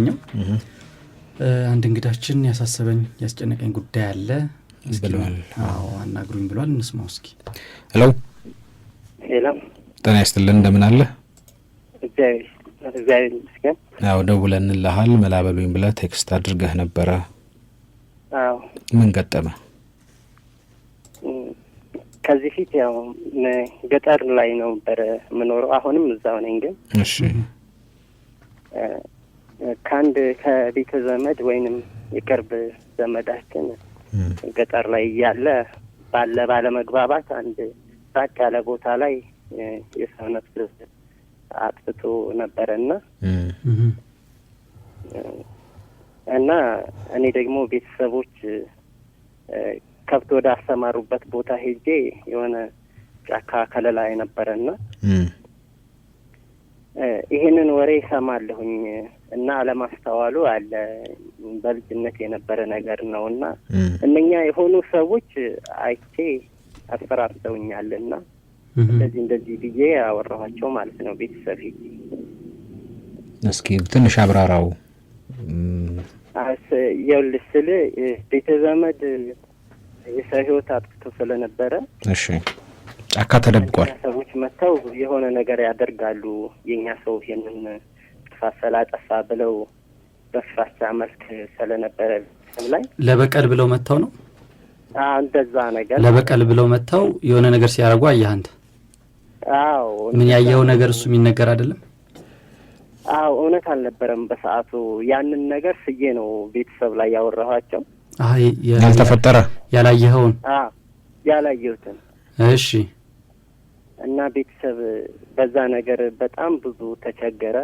የሚገኘው አንድ እንግዳችን ያሳሰበኝ ያስጨነቀኝ ጉዳይ አለ አናግሩኝ ብሏል። እንስማው እስኪ። ሄሎ ሄሎ፣ ጤና ይስጥልን እንደምን አለ? ያው ይመስገን። አዎ ደውለን ልሃል መላበሉኝ ብለ ቴክስት አድርገህ ነበረ። ምን ገጠመ? ከዚህ ፊት ያው ገጠር ላይ ነው ነበረ ምኖረው አሁንም እዛው ነኝ ግን እሺ ከአንድ ከቤተ ዘመድ ወይንም የቅርብ ዘመዳችን ገጠር ላይ እያለ ባለ ባለመግባባት አንድ ራቅ ያለ ቦታ ላይ የሰው ነፍስ አጥፍቶ ነበረና እና እኔ ደግሞ ቤተሰቦች ከብት ወደ አሰማሩበት ቦታ ሄጄ የሆነ ጫካ ከለላ የነበረና ይህንን ወሬ ይሰማለሁኝ እና አለማስተዋሉ አለ። በልጅነት የነበረ ነገር ነው እና እነኛ የሆኑ ሰዎች አይቼ አስፈራርተውኛል እና እንደዚህ እንደዚህ ብዬ አወራኋቸው ማለት ነው። ቤተሰብ እስኪ ትንሽ አብራራው ይኸውልህ ስል ቤተ ዘመድ የሰው ህይወት አጥፍቶ ስለነበረ እሺ ጫካ ተደብቋል። ሰዎች መጥተው የሆነ ነገር ያደርጋሉ። የእኛ ሰው ይህንን ጥፋት ስላጠፋ ብለው በፍራቻ መልክ ስለነበረ ላይ ለበቀል ብለው መጥተው ነው እንደዛ ነገር ለበቀል ብለው መጥተው የሆነ ነገር ሲያደርጉ አየህ አንተ? አዎ። ምን ያየኸው ነገር እሱ የሚነገር አይደለም። አዎ፣ እውነት አልነበረም በሰዓቱ። ያንን ነገር ስዬ ነው ቤተሰብ ላይ ያወራኋቸው። ያልተፈጠረ ያላየኸውን ያላየሁትን። እሺ እና ቤተሰብ በዛ ነገር በጣም ብዙ ተቸገረ።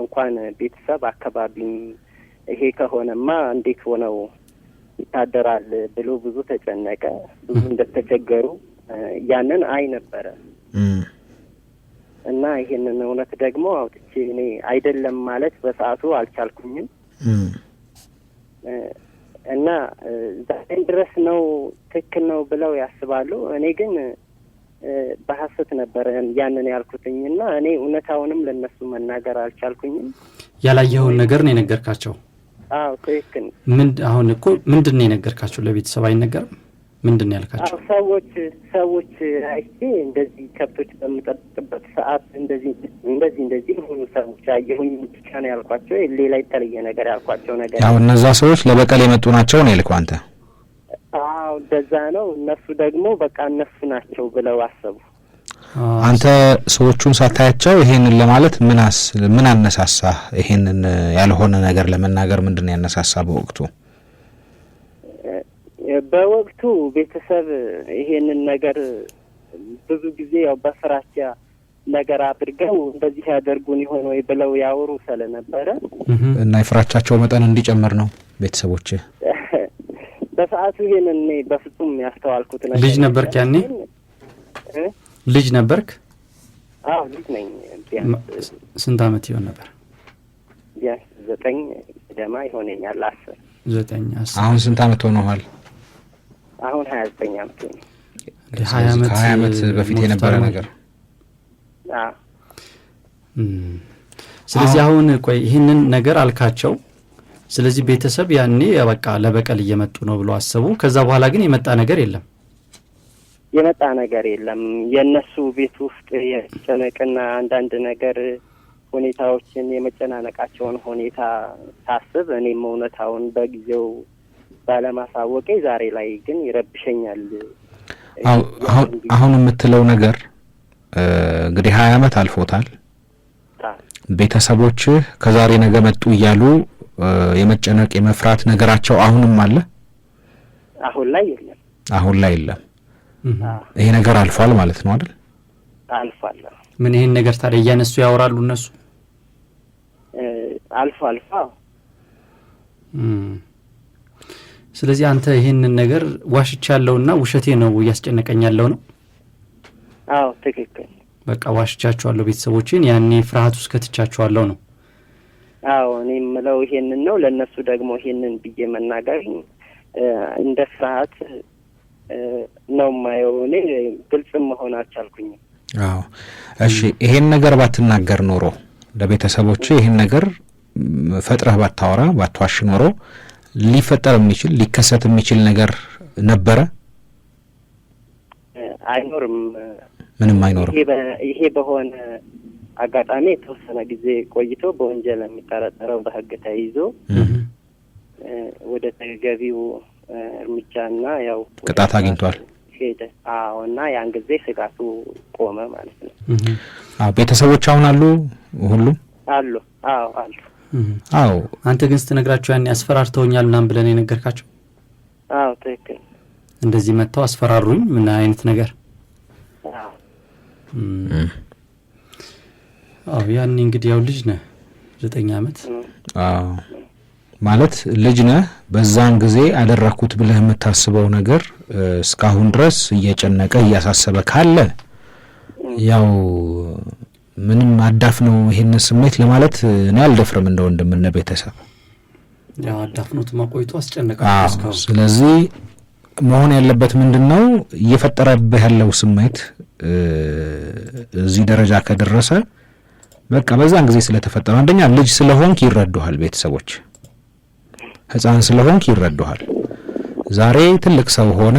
እንኳን ቤተሰብ አካባቢም ይሄ ከሆነማ እንዴት ሆነው ይታደራል ብሎ ብዙ ተጨነቀ። ብዙ እንደተቸገሩ ያንን አይ ነበረ እና ይሄንን እውነት ደግሞ አውጥቼ እኔ አይደለም ማለት በሰዓቱ አልቻልኩኝም እና ዛሬን ድረስ ነው ትክክል ነው ብለው ያስባሉ። እኔ ግን በሀሰት ነበረ ያንን ያልኩትኝ እና እኔ እውነታውንም ለነሱ መናገር አልቻልኩኝም። ያላየኸውን ነገር ነው የነገርካቸው? አዎ ትክክል። አሁን እኮ ምንድን ነው የነገርካቸው? ለቤተሰብ አይነገርም? ምንድን ነው ያልካቸው? ሰዎች ሰዎች አይቼ እንደዚህ ከብቶች በምጠብቅበት ሰዓት እንደዚህ እንደዚህ እንደዚህ የሆኑ ሰዎች አየሁኝ ብቻ ነው ያልኳቸው። ሌላ የተለየ ነገር ያልኳቸው ነገር ያው እነዛ ሰዎች ለበቀል የመጡ ናቸው ነው ያልከው አንተ? አዎ እንደዛ ነው። እነሱ ደግሞ በቃ እነሱ ናቸው ብለው አሰቡ። አንተ ሰዎቹን ሳታያቸው ይሄንን ለማለት ምን አስ ምን አነሳሳ? ይሄንን ያልሆነ ነገር ለመናገር ምንድን ነው ያነሳሳ? በወቅቱ በወቅቱ ቤተሰብ ይሄንን ነገር ብዙ ጊዜ ያው በፍራቻ ነገር አድርገው እንደዚህ ያደርጉን ይሆን ወይ ብለው ያወሩ ስለነበረ እና የፍራቻቸው መጠን እንዲጨምር ነው ቤተሰቦች በሰዓቱ ይሄን እኔ በፍጹም ያስተዋልኩት ነ ልጅ ነበርክ ያኔ ልጅ ነበርክ? አዎ ልጅ ነኝ። ቢያንስ ስንት አመት ይሆን ነበር? ቢያንስ ዘጠኝ ደማ ይሆነኛል። አስር ዘጠኝ አስር አሁን ስንት አመት ሆነኋል? አሁን ሀያ ዘጠኝ አመት ሆነ። ከሀያ ዓመት በፊት የነበረ ነገር። ስለዚህ አሁን ቆይ ይህንን ነገር አልካቸው ስለዚህ ቤተሰብ ያኔ በቃ ለበቀል እየመጡ ነው ብሎ አሰቡ። ከዛ በኋላ ግን የመጣ ነገር የለም የመጣ ነገር የለም። የእነሱ ቤት ውስጥ የመጨነቅና አንዳንድ ነገር ሁኔታዎችን የመጨናነቃቸውን ሁኔታ ሳስብ እኔም እውነታውን በጊዜው ባለማሳወቄ ዛሬ ላይ ግን ይረብሸኛል። አሁን የምትለው ነገር እንግዲህ ሀያ አመት አልፎታል። ቤተሰቦችህ ከዛሬ ነገ መጡ እያሉ የመጨነቅ የመፍራት ነገራቸው አሁንም አለ? አሁን ላይ የለም። አሁን ላይ የለም። ይሄ ነገር አልፏል ማለት ነው አይደል? አልፏል። ምን ይሄን ነገር ታዲያ እያነሱ ያወራሉ እነሱ አልፎ አልፎ። ስለዚህ አንተ ይህንን ነገር ዋሽቻለሁና ውሸቴ ነው እያስጨነቀኝ ያለው ነው። አዎ ትክክል። በቃ ዋሽቻችኋለሁ ቤተሰቦችን ያኔ ፍርሃት ውስጥ ከትቻችኋለሁ ነው አዎ እኔ የምለው ይሄንን ነው። ለእነሱ ደግሞ ይሄንን ብዬ መናገር እንደ ፍርሀት ነው የማየው። እኔ ግልጽም መሆን አልቻልኩኝም። አዎ እሺ፣ ይሄን ነገር ባትናገር ኖሮ ለቤተሰቦች ይሄን ነገር ፈጥረህ ባታወራ ባትዋሽ ኖሮ ሊፈጠር የሚችል ሊከሰት የሚችል ነገር ነበረ አይኖርም። ምንም አይኖርም። ይሄ በሆነ አጋጣሚ የተወሰነ ጊዜ ቆይቶ በወንጀል የሚጠረጠረው በህግ ተይዞ ወደ ተገቢው እርምጃና ያው ቅጣት አግኝቷል ሄደ። አዎ እና ያን ጊዜ ስጋቱ ቆመ ማለት ነው። ቤተሰቦች አሁን አሉ ሁሉም አሉ። አዎ አሉ። አዎ አንተ ግን ስትነግራቸው ያኔ አስፈራርተውኛል ምናምን ብለን የነገርካቸው? አዎ ትክክል። እንደዚህ መጥተው አስፈራሩኝ ምን አይነት ነገር አዎ ያኔ እንግዲህ ያው ልጅ ነህ ዘጠኝ ዓመት ማለት ልጅ ነህ። በዛን ጊዜ አደረግኩት ብለህ የምታስበው ነገር እስካሁን ድረስ እየጨነቀ እያሳሰበ ካለ ያው ምንም አዳፍ ነው ይሄንን ስሜት ለማለት እኔ አልደፍርም። እንደ ወንድምነ ቤተሰብ አዳፍኖት ማቆይቶ አስጨነቀ። ስለዚህ መሆን ያለበት ምንድን ነው እየፈጠረብህ ያለው ስሜት እዚህ ደረጃ ከደረሰ በቃ በዛን ጊዜ ስለተፈጠረ አንደኛ ልጅ ስለሆንክ ይረዱሃል፣ ቤተሰቦች ህፃን ስለሆንክ ይረዱሃል። ዛሬ ትልቅ ሰው ሆነ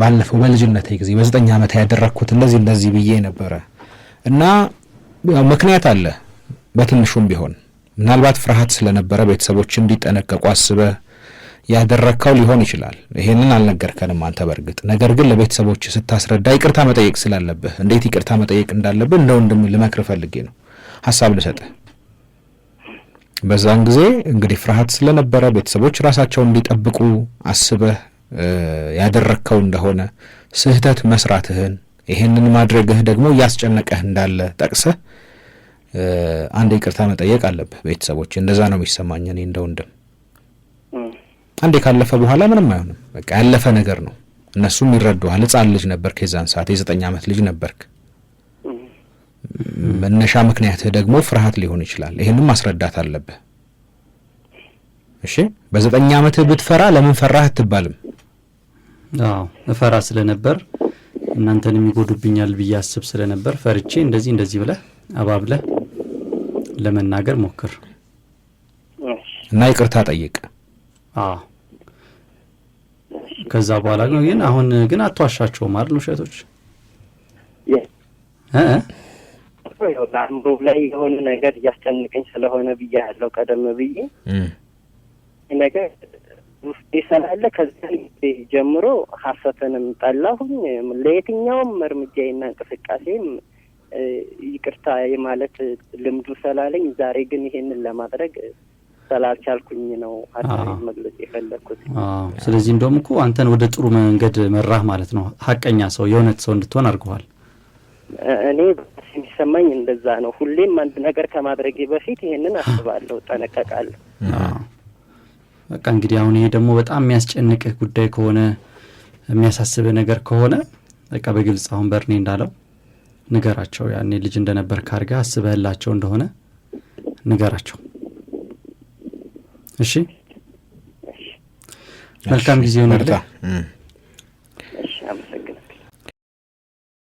ባለፈው በልጅነት ጊዜ በዘጠኝ ዓመት ያደረግኩት እንደዚህ እንደዚህ ብዬ ነበረ እና ምክንያት አለ። በትንሹም ቢሆን ምናልባት ፍርሃት ስለነበረ ቤተሰቦች እንዲጠነቀቁ አስበህ ያደረግከው ሊሆን ይችላል። ይሄንን አልነገርከንም አንተ በእርግጥ ነገር ግን ለቤተሰቦች ስታስረዳ ይቅርታ መጠየቅ ስላለብህ እንዴት ይቅርታ መጠየቅ እንዳለብህ እንደ ወንድም ልመክር ፈልጌ ነው ሀሳብ ልሰጥህ። በዛን ጊዜ እንግዲህ ፍርሃት ስለነበረ ቤተሰቦች ራሳቸውን እንዲጠብቁ አስበህ ያደረግከው እንደሆነ ስህተት መስራትህን ይሄንን ማድረግህ ደግሞ እያስጨነቀህ እንዳለ ጠቅሰህ አንድ ይቅርታ መጠየቅ አለብህ ቤተሰቦች። እንደዛ ነው የሚሰማኝ እኔ እንደ ወንድም አንዴ ካለፈ በኋላ ምንም አይሆንም። በቃ ያለፈ ነገር ነው። እነሱም ይረዱሃል። ህጻን ልጅ ነበርክ የዛን ሰዓት የዘጠኝ ዓመት ልጅ ነበርክ። መነሻ ምክንያትህ ደግሞ ፍርሃት ሊሆን ይችላል። ይህንም ማስረዳት አለብህ። እሺ፣ በዘጠኝ ዓመትህ ብትፈራ ለምን ፈራህ አትባልም። አዎ እፈራ ስለነበር እናንተን የሚጎዱብኛል ብዬ አስብ ስለነበር ፈርቼ እንደዚህ እንደዚህ ብለህ አባብለህ ለመናገር ሞክር እና ይቅርታ ጠይቅ። ከዛ በኋላ ግን ግን አሁን ግን አትዋሻቸውም አይደል? ውሸቶች በአእምሮ ላይ የሆነ ነገር እያስጨንቀኝ ስለሆነ ብዬ ያለው ቀደም ብዬ ነገር ውስጤ ስላለ ከዚያ ጀምሮ ሀሰትንም ጠላሁኝ። ለየትኛውም እርምጃዬና እንቅስቃሴም ይቅርታ የማለት ልምዱ ስላለኝ ዛሬ ግን ይሄንን ለማድረግ ስላልቻልኩኝ ነው ሀሳቤን መግለጽ የፈለግኩት። ስለዚህ እንደውም እኮ አንተን ወደ ጥሩ መንገድ መራህ ማለት ነው። ሀቀኛ ሰው፣ የእውነት ሰው እንድትሆን አድርገዋል። እኔ የሚሰማኝ እንደዛ ነው። ሁሌም አንድ ነገር ከማድረጌ በፊት ይሄንን አስባለሁ፣ ጠነቀቃለሁ። በቃ እንግዲህ አሁን ይሄ ደግሞ በጣም የሚያስጨንቅህ ጉዳይ ከሆነ የሚያሳስብህ ነገር ከሆነ በቃ በግልጽ አሁን በርኔ እንዳለው ንገራቸው። ያኔ ልጅ እንደነበር ካርጋ አስበህላቸው እንደሆነ ንገራቸው። እሺ መልካም ጊዜ ሆነ።